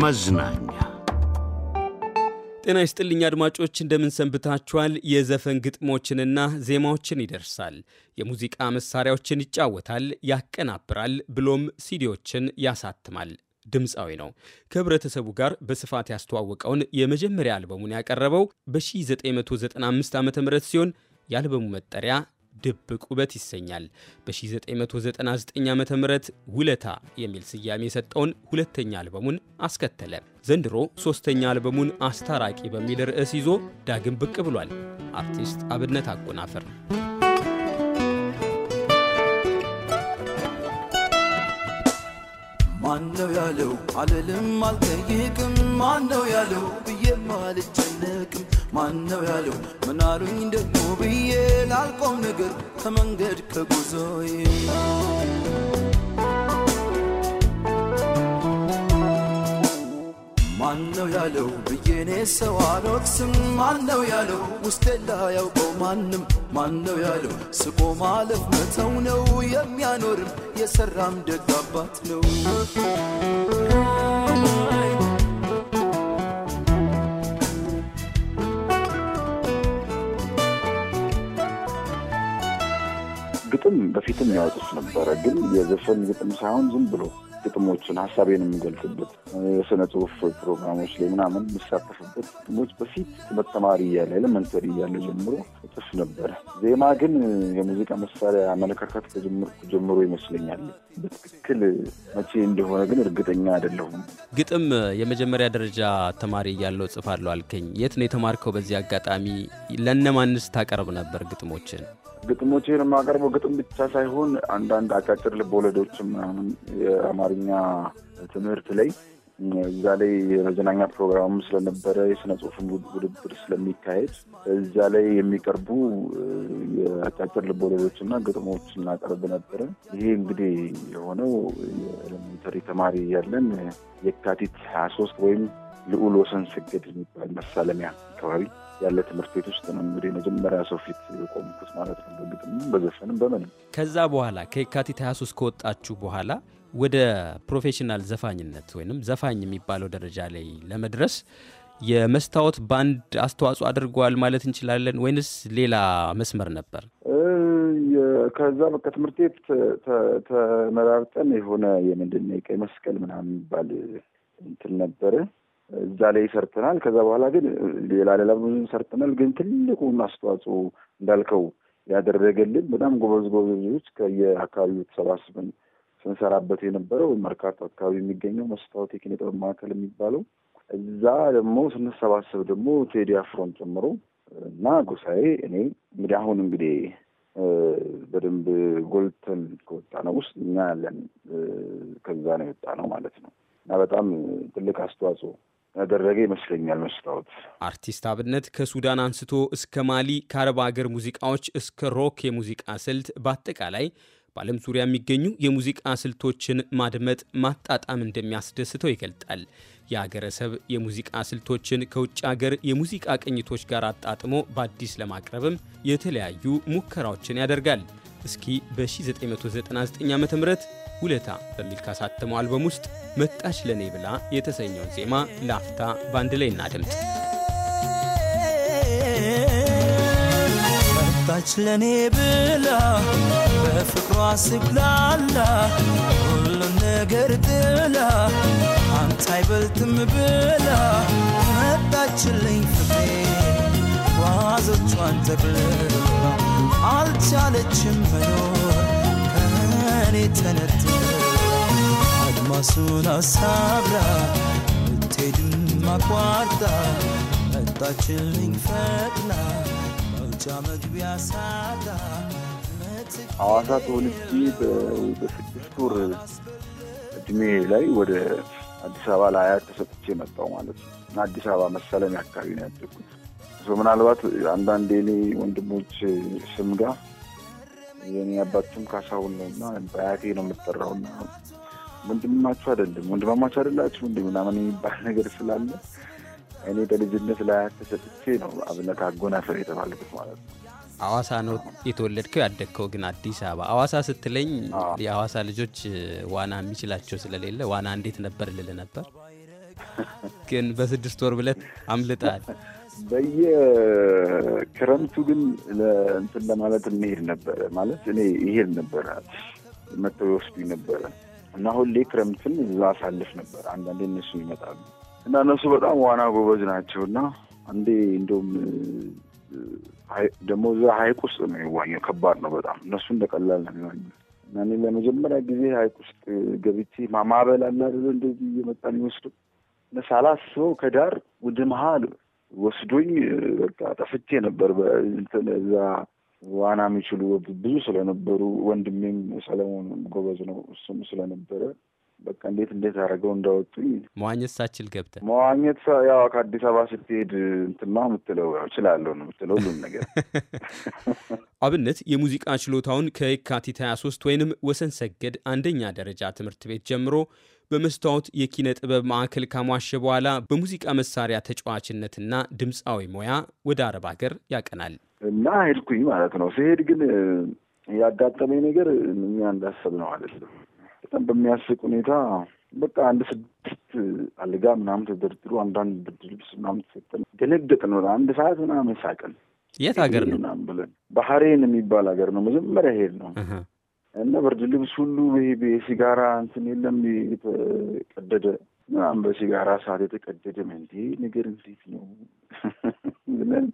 መዝናኛ ጤና ይስጥልኝ አድማጮች፣ እንደምን ሰንብታችኋል? የዘፈን ግጥሞችንና ዜማዎችን ይደርሳል፣ የሙዚቃ መሳሪያዎችን ይጫወታል፣ ያቀናብራል፣ ብሎም ሲዲዎችን ያሳትማል። ድምፃዊ ነው። ከህብረተሰቡ ጋር በስፋት ያስተዋወቀውን የመጀመሪያ አልበሙን ያቀረበው በ1995 ዓ ም ሲሆን የአልበሙ መጠሪያ ድብቅ ውበት ይሰኛል። በ1999 ዓ ም ውለታ የሚል ስያሜ የሰጠውን ሁለተኛ አልበሙን አስከተለ። ዘንድሮ ሦስተኛ አልበሙን አስታራቂ በሚል ርዕስ ይዞ ዳግም ብቅ ብሏል። አርቲስት አብነት አጎናፍር ማነው ያለው አልልም አልጠይቅም ማነው ያለው ብዬ አልጨነቅም ማነው ያለው ምናሉኝ ደግሞ ብዬ ላልቆም ነገር ከመንገድ ከጉዞዬ ማነው ያለው ብዬኔ ሰው አልወቅስም ማነው ያለው ውስጤን ላያውቀው ማንም ማነው ያለው ስቆ ማለፍ መተው ነው የሚያኖርም የሰራም ደግ አባት ነው ግጥም በፊትም ያወጡት ነበረ ግን የዘፈን ግጥም ሳይሆን ዝም ብሎ ግጥሞችን ሀሳቤን የምገልጽበት የስነ ጽሁፍ ፕሮግራሞች ላይ ምናምን የምሳተፍበት ግጥሞች በፊት ትምህርት ተማሪ እያለ ኤሌመንተሪ እያለ ጀምሮ ጽፍ ነበረ። ዜማ ግን የሙዚቃ መሳሪያ አመለካከት ከጀመርኩ ጀምሮ ይመስለኛል። በትክክል መቼ እንደሆነ ግን እርግጠኛ አይደለሁም። ግጥም የመጀመሪያ ደረጃ ተማሪ ጽፍ ጽፋለሁ አልከኝ። የት ነው የተማርከው? በዚህ አጋጣሚ ለእነማንስ ታቀርብ ነበር ግጥሞችን? ግጥሞችን የማቀርበው ግጥም ብቻ ሳይሆን አንዳንድ አጫጭር ልብ ወለዶችም ምናምን አማርኛ ትምህርት ላይ እዛ ላይ የመዝናኛ ፕሮግራም ስለነበረ የስነ ጽሁፍን ውድድር ስለሚካሄድ እዛ ላይ የሚቀርቡ የአጫጭር ልቦለዶች እና ግጥሞች እናቀርብ ነበረ። ይሄ እንግዲህ የሆነው የኤሌመንተሪ ተማሪ ያለን የካቲት ሀያ ሶስት ወይም ልዑል ወሰን ስገድ የሚባል መሳለሚያ አካባቢ ያለ ትምህርት ቤት ውስጥ ነው እንግዲህ መጀመሪያ ሰው ፊት የቆምኩት ማለት ነው፣ በግጥም በዘፈንም በምንም። ከዛ በኋላ ከየካቲት 23 ከወጣችሁ በኋላ ወደ ፕሮፌሽናል ዘፋኝነት ወይም ዘፋኝ የሚባለው ደረጃ ላይ ለመድረስ የመስታወት ባንድ አስተዋጽኦ አድርጓል ማለት እንችላለን ወይንስ ሌላ መስመር ነበር? ከዛ በቃ ትምህርት ቤት ተመራርጠን የሆነ የምንድን የቀይ መስቀል ምናምን የሚባል እንትን ነበረ። እዛ ላይ ሰርተናል። ከዛ በኋላ ግን ሌላ ሌላ ብዙ ሰርተናል። ግን ትልቁን አስተዋጽኦ እንዳልከው ያደረገልን በጣም ጎበዝ ጎበዞች ከየአካባቢው ተሰባስበን ስንሰራበት የነበረው መርካቶ አካባቢ የሚገኘው መስታወት የኪነ ጥበብ ማዕከል የሚባለው እዛ ደግሞ ስንሰባሰብ ደግሞ ቴዲ አፍሮን ጨምሮ እና ጎሳዬ እኔ እንግዲህ አሁን እንግዲህ በደንብ ጎልተን ከወጣ ነው ውስጥ እኛ ያለን ከዛ ነው የወጣ ነው ማለት ነው እና በጣም ትልቅ አስተዋጽኦ ያደረገ ይመስለኛል። መስታወት አርቲስት አብነት ከሱዳን አንስቶ እስከ ማሊ፣ ከአረብ ሀገር ሙዚቃዎች እስከ ሮክ የሙዚቃ ስልት በአጠቃላይ በዓለም ዙሪያ የሚገኙ የሙዚቃ ስልቶችን ማድመጥ ማጣጣም እንደሚያስደስተው ይገልጣል። የአገረሰብ የሙዚቃ ስልቶችን ከውጭ አገር የሙዚቃ ቅኝቶች ጋር አጣጥሞ በአዲስ ለማቅረብም የተለያዩ ሙከራዎችን ያደርጋል። እስኪ በ1999 ዓ ም ውለታ በሚል ካሳተመው አልበም ውስጥ መጣች ለኔ ብላ የተሰኘውን ዜማ ላፍታ ባንድ ላይ እናድምጥ። መጣች ለኔ ብላ በፍቅሯ ስብላላ ሁሉን ነገር ጥላ አንተ አይበልጥም ብላ መጣችልኝ ፍቅሬ ዋዞቿን ጠቅልላ አልቻለችም መኖር ከእኔ ተነጥላ አድማሱን አሳብራ ብትሄድም አቋርጣ መጣችልኝ ፈጥና ሐዋሳ ተወልጄ በስድስት ወር እድሜ ላይ ወደ አዲስ አበባ ለአያት ተሰጥቼ መጣው ማለት ነው እና አዲስ አበባ መሰለም አካባቢ ነው ያደግኩት። ምናልባት አንዳንድ የኔ ወንድሞች ስም ጋር የኔ አባትም ካሳሁን ነው እና በአያቴ ነው የምጠራው እና ወንድማችሁ አይደለም ወንድማማችሁ አይደላችሁ እንደ ምናምን የሚባል ነገር ስላለ እኔ በልጅነት ላይ ተሰጥቼ ነው አብነት አጎናፍር የተባልኩት ማለት ነው። አዋሳ ነው የተወለድከው ያደግከው፣ ግን አዲስ አበባ። አዋሳ ስትለኝ የአዋሳ ልጆች ዋና የሚችላቸው ስለሌለ ዋና እንዴት ነበር ልል ነበር፣ ግን በስድስት ወር ብለት አምልጣል። በየክረምቱ ግን እንትን ለማለት እንሄድ ነበረ ማለት እኔ ይሄድ ነበረ መጥተው ነበረ እና ሁሌ ክረምትን እዛ አሳልፍ ነበር። አንዳንዴ እነሱ ይመጣሉ እና እነሱ በጣም ዋና ጎበዝ ናቸው እና አንዴ እንደውም ደግሞ እዛ ሀይቅ ውስጥ ነው የዋኘው። ከባድ ነው በጣም እነሱ እንደቀላል ነው የሚዋኘው። እና እኔ ለመጀመሪያ ጊዜ ሀይቅ ውስጥ ገብቼ ማማበል አላደለ እንደዚህ እየመጣ የሚወስዱ ሳላስበው ከዳር ወደ መሀል ወስዶኝ በቃ ጠፍቼ ነበር። እዛ ዋና የሚችሉ ብዙ ስለነበሩ ወንድሜም ሰለሞን ጎበዝ ነው እሱም ስለነበረ በቃ እንዴት እንዴት አደረገው እንዳወጡኝ። መዋኘት ሳችል ገብተ መዋኘት ያው ከአዲስ አበባ ስትሄድ እንትማ ምትለው ያው እችላለሁ ነው ምትለው ሁሉም ነገር። አብነት የሙዚቃ ችሎታውን ከየካቲት 23 ወይንም ወሰን ሰገድ አንደኛ ደረጃ ትምህርት ቤት ጀምሮ በመስታወት የኪነ ጥበብ ማዕከል ካሟሸ በኋላ በሙዚቃ መሳሪያ ተጫዋችነትና ድምፃዊ ሙያ ወደ አረብ ሀገር ያቀናል እና ሄድኩኝ ማለት ነው። ሲሄድ ግን ያጋጠመኝ ነገር እኛ እንዳሰብ ነው አይደለም። በጣም በሚያስቅ ሁኔታ በቃ አንድ ስድስት አልጋ ምናምን ተደርድሮ አንዳንድ ብርድ ልብስ ምናምን ተሰጠን። ደነገጥን። ወደ አንድ ሰዓት ምናምን ሳቅን። የት ሀገር ነው ብለን ባህሬን የሚባል ሀገር ነው መጀመሪያ ሄድ ነው እና ብርድ ልብስ ሁሉ ሲጋራ እንትን የለም የተቀደደ ምናምን በሲጋራ ሰዓት የተቀደደ መንዴ ነገር እንዴት ነው ብለን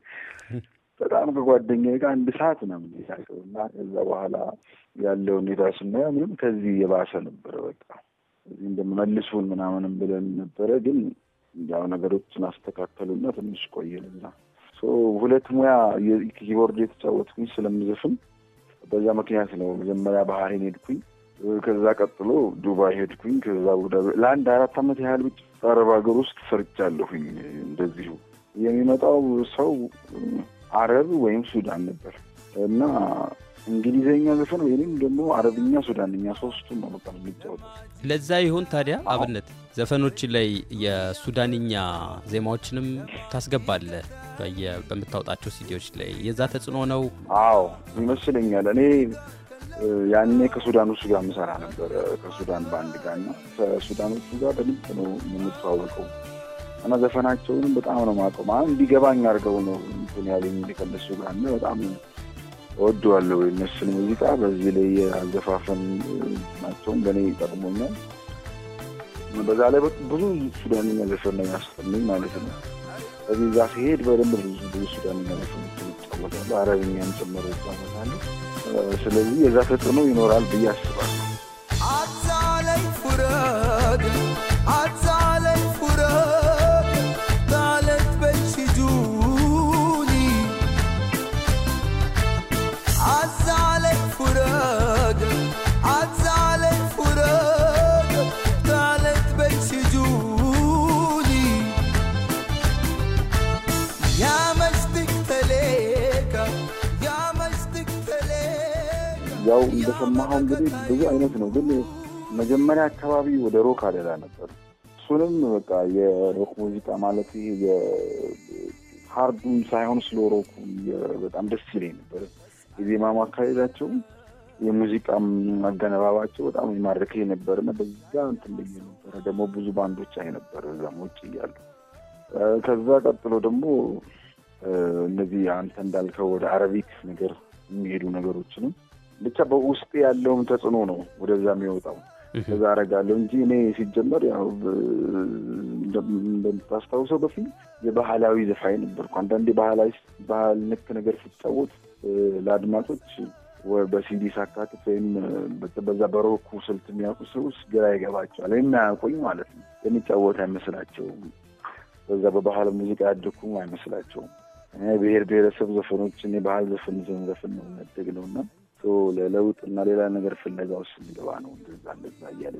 በጣም ከጓደኛ ጋር አንድ ሰዓት ነው የምንሄዳቸው እና ከዛ በኋላ ያለው ሁኔታ ስናየው ምንም ከዚህ የባሰ ነበረ። በቃ እዚህ እንደምመልሱን ምናምንም ብለን ነበረ፣ ግን ያው ነገሮችን አስተካከሉና ትንሽ ቆየልና ሁለት ሙያ ኪቦርድ የተጫወትኩኝ ስለምዘፍን በዛ ምክንያት ነው መጀመሪያ ባህሬን ሄድኩኝ። ከዛ ቀጥሎ ዱባይ ሄድኩኝ። ከዛ ለአንድ አራት ዓመት ያህል ውጭ አረብ ሀገር ውስጥ ሰርቻለሁኝ። እንደዚሁ የሚመጣው ሰው አረብ ወይም ሱዳን ነበር እና እንግሊዝኛ ዘፈን ወይም ደግሞ አረብኛ፣ ሱዳንኛ ሶስቱ ነው በጣም የሚጫወቱ። ለዛ ይሁን ታዲያ አብነት ዘፈኖች ላይ የሱዳንኛ ዜማዎችንም ታስገባለ በምታወጣቸው ሲዲዎች ላይ የዛ ተጽዕኖ ነው? አዎ ይመስለኛል። እኔ ያኔ ከሱዳን ውስጥ ጋር ምሰራ ነበረ ከሱዳን በአንድ ጋር እና ከሱዳኖቹ ጋር በልብ ነው የምንተዋወቀው እና ዘፈናቸውንም በጣም ነው ማቆም እንዲገባኝ አድርገው ነው እንትን ያለኝ ከነሱ ጋር በጣም እወደዋለሁ የእነሱን ሙዚቃ። በዚህ ላይ የአዘፋፈን ናቸውን በእኔ ይጠቅሞኛል። በዛ ላይ ብዙ ሱዳንኛ ዘፈን ነው ያስፈልኝ ማለት ነው። በዚህ እዛ ሲሄድ በደንብ ብዙ ብዙ ሱዳንኛ ዘፈኖችን ይጫወታሉ፣ አረብኛም ጭምር ይጫወታሉ። ስለዚህ የዛ ተጽዕኖ ይኖራል ብዬ አስባለሁ። ያው እንደሰማኸው እንግዲህ ብዙ አይነት ነው፣ ግን መጀመሪያ አካባቢ ወደ ሮክ አደላ ነበር። እሱንም በቃ የሮክ ሙዚቃ ማለት ሃርዱን ሳይሆን ስሎ ሮኩ በጣም ደስ ይለኝ ነበር። የዜማ ማካሄዳቸውም የሙዚቃ መገነባባቸው በጣም የማድረክ ነበር እና በዛ እንትን ነበረ ደግሞ ብዙ ባንዶች አይ ነበር እዛም ውጭ እያሉ ከዛ ቀጥሎ ደግሞ እነዚህ አንተ እንዳልከው ወደ አረቢክ ነገር የሚሄዱ ነገሮችንም ብቻ በውስጥ ያለውም ተጽዕኖ ነው ወደዛ የሚወጣው። እዛ አረጋለሁ እንጂ እኔ ሲጀመር ያው እንደምታስታውሰው በፊት የባህላዊ ዘፋኝ ነበርኩ። አንዳንዴ ባህላዊ ባህል ንክ ነገር ሲጫወት ለአድማጮች በሲዲ ሳካትት ወይም በዛ በሮኩ ስልት የሚያውቁ ሰዎች ግራ ይገባቸዋል። የማያውቁኝ ማለት ነው። የሚጫወት አይመስላቸውም። በዛ በባህል ሙዚቃ ያደግኩም አይመስላቸውም። ብሔር ብሔረሰብ ዘፈኖችን የባህል ዘፈን ዘንዘፍን ነው ያደግነው እና ለለውጥ እና ሌላ ነገር ፍለጋ ውስጥ የሚገባ ነው። እንደዛ እንደዛ እያለ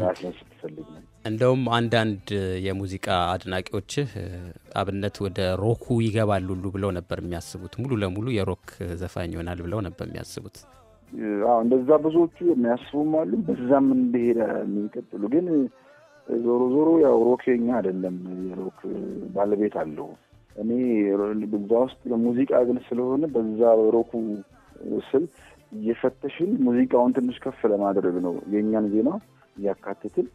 ራስን ስትፈልግ ነው። እንደውም አንዳንድ የሙዚቃ አድናቂዎችህ አብነት ወደ ሮኩ ይገባል ሁሉ ብለው ነበር የሚያስቡት። ሙሉ ለሙሉ የሮክ ዘፋኝ ይሆናል ብለው ነበር የሚያስቡት። አዎ እንደዛ ብዙዎቹ የሚያስቡም አሉ። በዛም እንደሄደ የሚቀጥሉ ግን ዞሮ ዞሮ ያው ሮክ የኛ አይደለም። የሮክ ባለቤት አለው። እኔ በዛ ውስጥ ሙዚቃ ግን ስለሆነ በዛ ሮኩ ስልት እየፈተሽን ሙዚቃውን ትንሽ ከፍ ለማድረግ ነው። የእኛን ዜና እያካትትን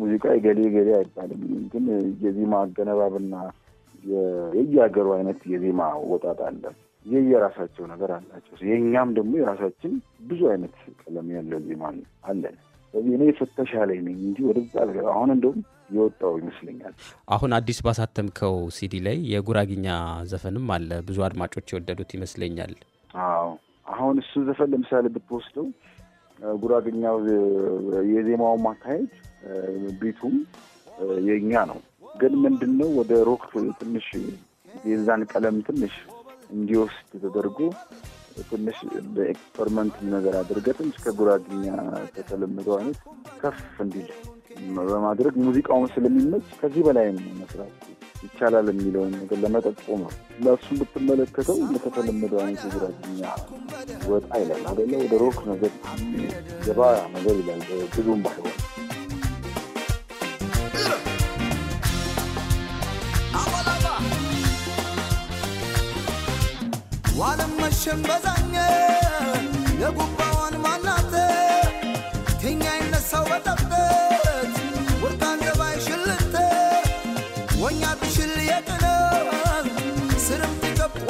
ሙዚቃ የገሌ ገሌ አይባልም፣ ግን የዜማ አገነባብና የየሀገሩ አይነት የዜማ ወጣት አለ። የየራሳቸው ነገር አላቸው። የእኛም ደግሞ የራሳችን ብዙ አይነት ቀለም ያለው ዜማ አለን። ስለዚህ እኔ የፈተሻ ላይ ነኝ እንጂ ወደዛ አሁን እንደውም የወጣው ይመስለኛል። አሁን አዲስ ባሳተምከው ሲዲ ላይ የጉራጊኛ ዘፈንም አለ። ብዙ አድማጮች የወደዱት ይመስለኛል። አዎ አሁን እሱ ዘፈን ለምሳሌ ብትወስደው ጉራግኛው የዜማው ማካሄድ ቢቱም የእኛ ነው። ግን ምንድን ነው ወደ ሮክ ትንሽ የዛን ቀለም ትንሽ እንዲወስድ ተደርጎ ትንሽ በኤክስፐሪመንት ነገር አድርገ እስከ ጉራግኛ ከተለመደው አይነት ከፍ እንዲል በማድረግ ሙዚቃውን ስለሚመች ከዚህ በላይም መስራት ይቻላል የሚለውን ነገር ለመጠቆም ነው። ለእሱም ብትመለከተው እንደተለመደው አይነት ጉራኛ ወጣ ይላል አደለ? ወደ ሮክ ነገር ገባ ነገር ይላል ብዙም ባይሆን ዋለም መሸም በዛኘ የጉባዋን ማናተ ቴኛ ይነሳው በጠብቅ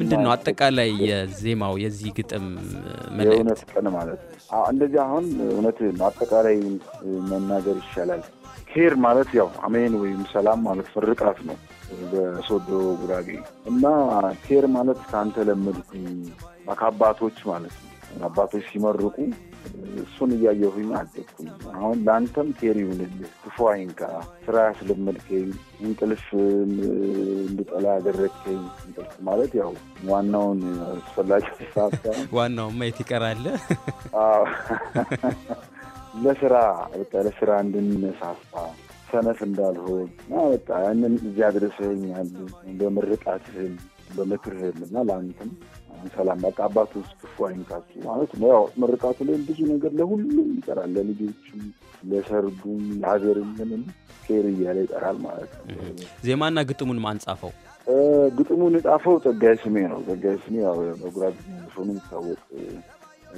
ምንድን ነው አጠቃላይ የዜማው የዚህ ግጥም የእውነት ቀን ማለት እንደዚህ አሁን እውነት አጠቃላይ መናገር ይሻላል። ኬር ማለት ያው አሜን ወይም ሰላም ማለት ፍርቃት ነው በሶዶ ጉራጌ እና ኬር ማለት ከአንተ ለመድኩኝ ከአባቶች ማለት ነው። አባቶች ሲመርቁ እሱን እያየሁኝ አደግኩኝ። አሁን ለአንተም ቴሪ ይሁንልህ፣ ክፉ አይንካ። ስራ ያስለመድከኝ፣ እንቅልፍ እንድጠላ ያደረግከኝ። እንቅልፍ ማለት ያው ዋናውን አስፈላጊ ሳሳ ዋናው ማየት ይቀራለ ለስራ በቃ ለስራ እንድንነሳሳ ሰነፍ እንዳልሆን እና በቃ ያንን እዚያ ድረስህኛል በምርቃትህም በምክርህም እና ለአንተም ሰላም በቃ አባት ውስጥ ኳይንካሱ ማለት ነው። ያው ምርቃቱ ላይ ብዙ ነገር ለሁሉም ይጠራል፣ ለልጆችም፣ ለሰርጉም፣ ለሀገርም ምንም ፌር እያለ ይጠራል ማለት ነው። ዜማና ግጥሙን ማን ጻፈው? ግጥሙን የጻፈው ጸጋዬ ስሜ ነው። ጸጋዬ ስሜ ያው በጉራጌ ሆኑ የሚታወቅ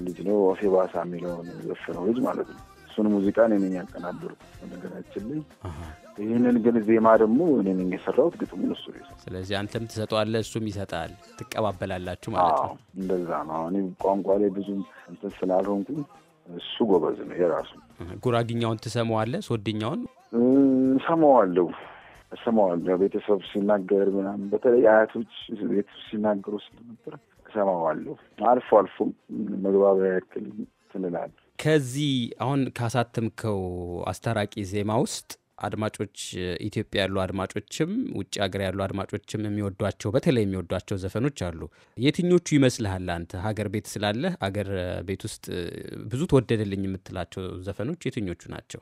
ልጅ ነው። ሴባሳ የሚለውን ዘፈነው ልጅ ማለት ነው። የእሱን ሙዚቃ እኔ ነኝ ያቀናበርኩት ነገራችን ላይ። ይህንን ግን ዜማ ደግሞ እኔ ነኝ የሰራሁት፣ ግጥሙን እሱ ስለዚህ አንተም ትሰጠዋለ እሱም ይሰጣል፣ ትቀባበላላችሁ ማለት ነው። እንደዛ ነው። እኔ ቋንቋ ላይ ብዙም እንትን ስላልሆንኩኝ እሱ ጎበዝ ነው የራሱ። ጉራግኛውን ትሰማዋለህ? ሶወድኛውን ሰማዋለሁ ሰማዋለሁ ቤተሰብ ሲናገር ምናምን በተለይ አያቶች ቤተሰብ ሲናገሩ ስለነበር ሰማዋለሁ አልፎ አልፎም መግባቢያ ያክል ትንላል ከዚህ አሁን ካሳተምከው አስታራቂ ዜማ ውስጥ አድማጮች ኢትዮጵያ ያሉ አድማጮችም ውጭ ሀገር ያሉ አድማጮችም የሚወዷቸው በተለይ የሚወዷቸው ዘፈኖች አሉ። የትኞቹ ይመስልሃል አንተ? ሀገር ቤት ስላለህ ሀገር ቤት ውስጥ ብዙ ተወደደልኝ የምትላቸው ዘፈኖች የትኞቹ ናቸው?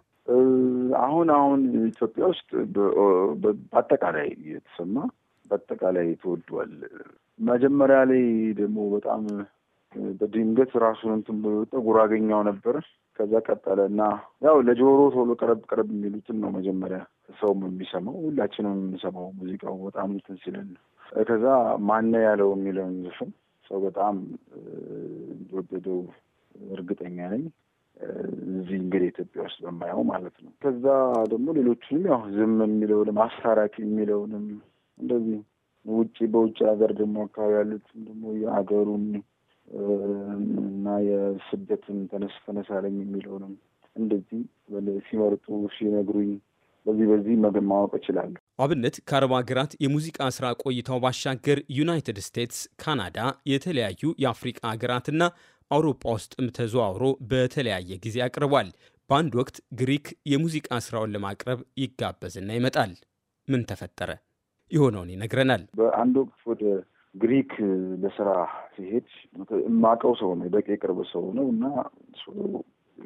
አሁን አሁን ኢትዮጵያ ውስጥ በአጠቃላይ የተሰማ በአጠቃላይ ተወዷል። መጀመሪያ ላይ ደግሞ በጣም በድንገት ራሱን እንትን ብሎ ጉራገኛው ነበር። ከዛ ቀጠለ እና ያው ለጆሮ ቶሎ ቀረብ ቀረብ የሚሉትን ነው መጀመሪያ ሰውም የሚሰማው ሁላችንም የምንሰማው ሙዚቃው በጣም እንትን ሲለን ከዛ ማነ ያለው የሚለውን ዘፈን ሰው በጣም እንደወደደው እርግጠኛ ነኝ። እዚህ እንግዲህ ኢትዮጵያ ውስጥ በማየው ማለት ነው። ከዛ ደግሞ ሌሎችንም ያው ዝም የሚለውንም አስታራቂ የሚለውንም እንደዚህ ውጭ በውጭ ሀገር ደግሞ አካባቢ ያሉት ደግሞ የሀገሩን እና የስደትን ተነስ ተነሳለኝ የሚለውንም እንደዚህ ሲመርጡ ሲነግሩኝ በዚህ በዚህ ማወቅ እችላለሁ። አብነት ከአረብ ሀገራት የሙዚቃ ስራ ቆይታው ባሻገር ዩናይትድ ስቴትስ፣ ካናዳ፣ የተለያዩ የአፍሪቃ ሀገራትና አውሮፓ ውስጥም ተዘዋውሮ በተለያየ ጊዜ አቅርቧል። በአንድ ወቅት ግሪክ የሙዚቃ ስራውን ለማቅረብ ይጋበዝና ይመጣል። ምን ተፈጠረ? የሆነውን ይነግረናል። በአንድ ወቅት ወደ ግሪክ ለስራ ሲሄድ የማውቀው ሰው ነው፣ በቂ የቅርብ ሰው ነው እና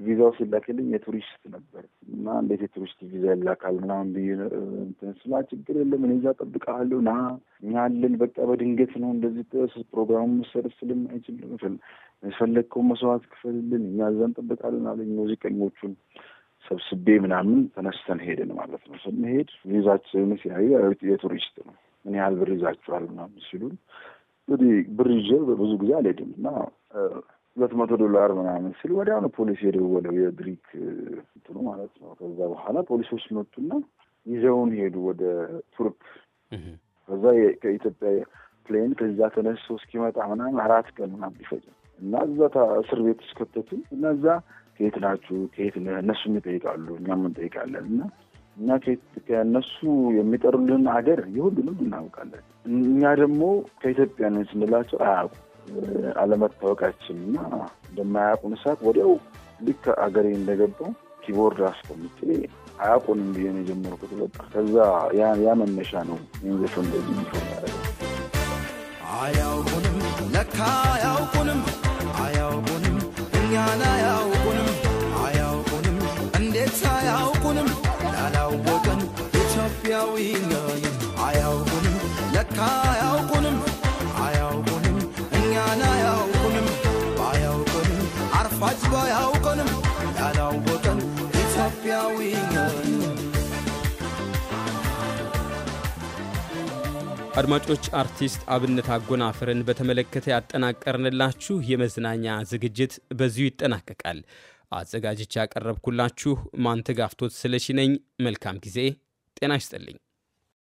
ቪዛው ሲላክልኝ የቱሪስት ነበር እና እንዴት የቱሪስት ቪዛ ይላካል ምናምን ብዬ እንትን ስላ ችግር የለም እኔ እዛ እጠብቅሃለሁ ና እኛ በቃ በድንገት ነው እንደዚህ ጥስ ፕሮግራሙ መሰረት ስለማይችልም የፈለግከው መስዋዕት ክፈልልን እኛ እዛ እንጠብቃለን አለኝ። ሙዚቀኞቹን ሰብስቤ ምናምን ተነስተን ሄድን ማለት ነው። ስንሄድ ቪዛችን ሲያዩ የቱሪስት ነው ምን ያህል ብር ይዛችኋል ምናምን ሲሉን እንግዲህ ብር ይዤ በብዙ ጊዜ አልሄድም እና ሁለት መቶ ዶላር ምናምን ሲል ወዲያውኑ ፖሊስ የደወለው የግሪክ እንትኑ ማለት ነው። ከዛ በኋላ ፖሊሶች መጡና ይዘውን ሄዱ ወደ ቱርክ። ከዛ ከኢትዮጵያ ፕሌን ከዛ ተነስቶ እስኪመጣ ምናምን አራት ቀን ምናምን ሊፈጅ እና እዛ እስር ቤት እስከተቱ እና እዛ ከየት ናችሁ ከየት እነሱም ይጠይቃሉ እኛም እንጠይቃለን እና እና ከእነሱ የሚጠሩልን ሀገር የሁሉንም እናውቃለን። እኛ ደግሞ ከኢትዮጵያ ነን ስንላቸው አያውቁ አለመታወቃችን እና እንደማያውቁን ሳቅ ወዲያው ልክ አገሬ እንደገባው ኪቦርድ አስቀምጬ አያውቁንም ብዬ ነው የጀመርኩት። በቃ ከዛ ያ መነሻ ነው ንዘፍ እንደዚህ ሚሆን ያደረገ አያውቁንም ለካ አያውቁንም አያውቁንም እኛን አያውቁንም ኢትዮጵያዊ አያውቁንም ለካ አያውቁንም አያውቁንም እኛን አያውቁንም አርፋጅ ባያውቁንም ያላወቀን አድማጮች አርቲስት አብነት አጎናፍርን በተመለከተ ያጠናቀርንላችሁ የመዝናኛ ዝግጅት በዚሁ ይጠናቀቃል። አዘጋጅቻ ያቀረብኩላችሁ ማንተጋፍቶት ስለሽነኝ መልካም ጊዜ። ጤና ይስጥልኝ።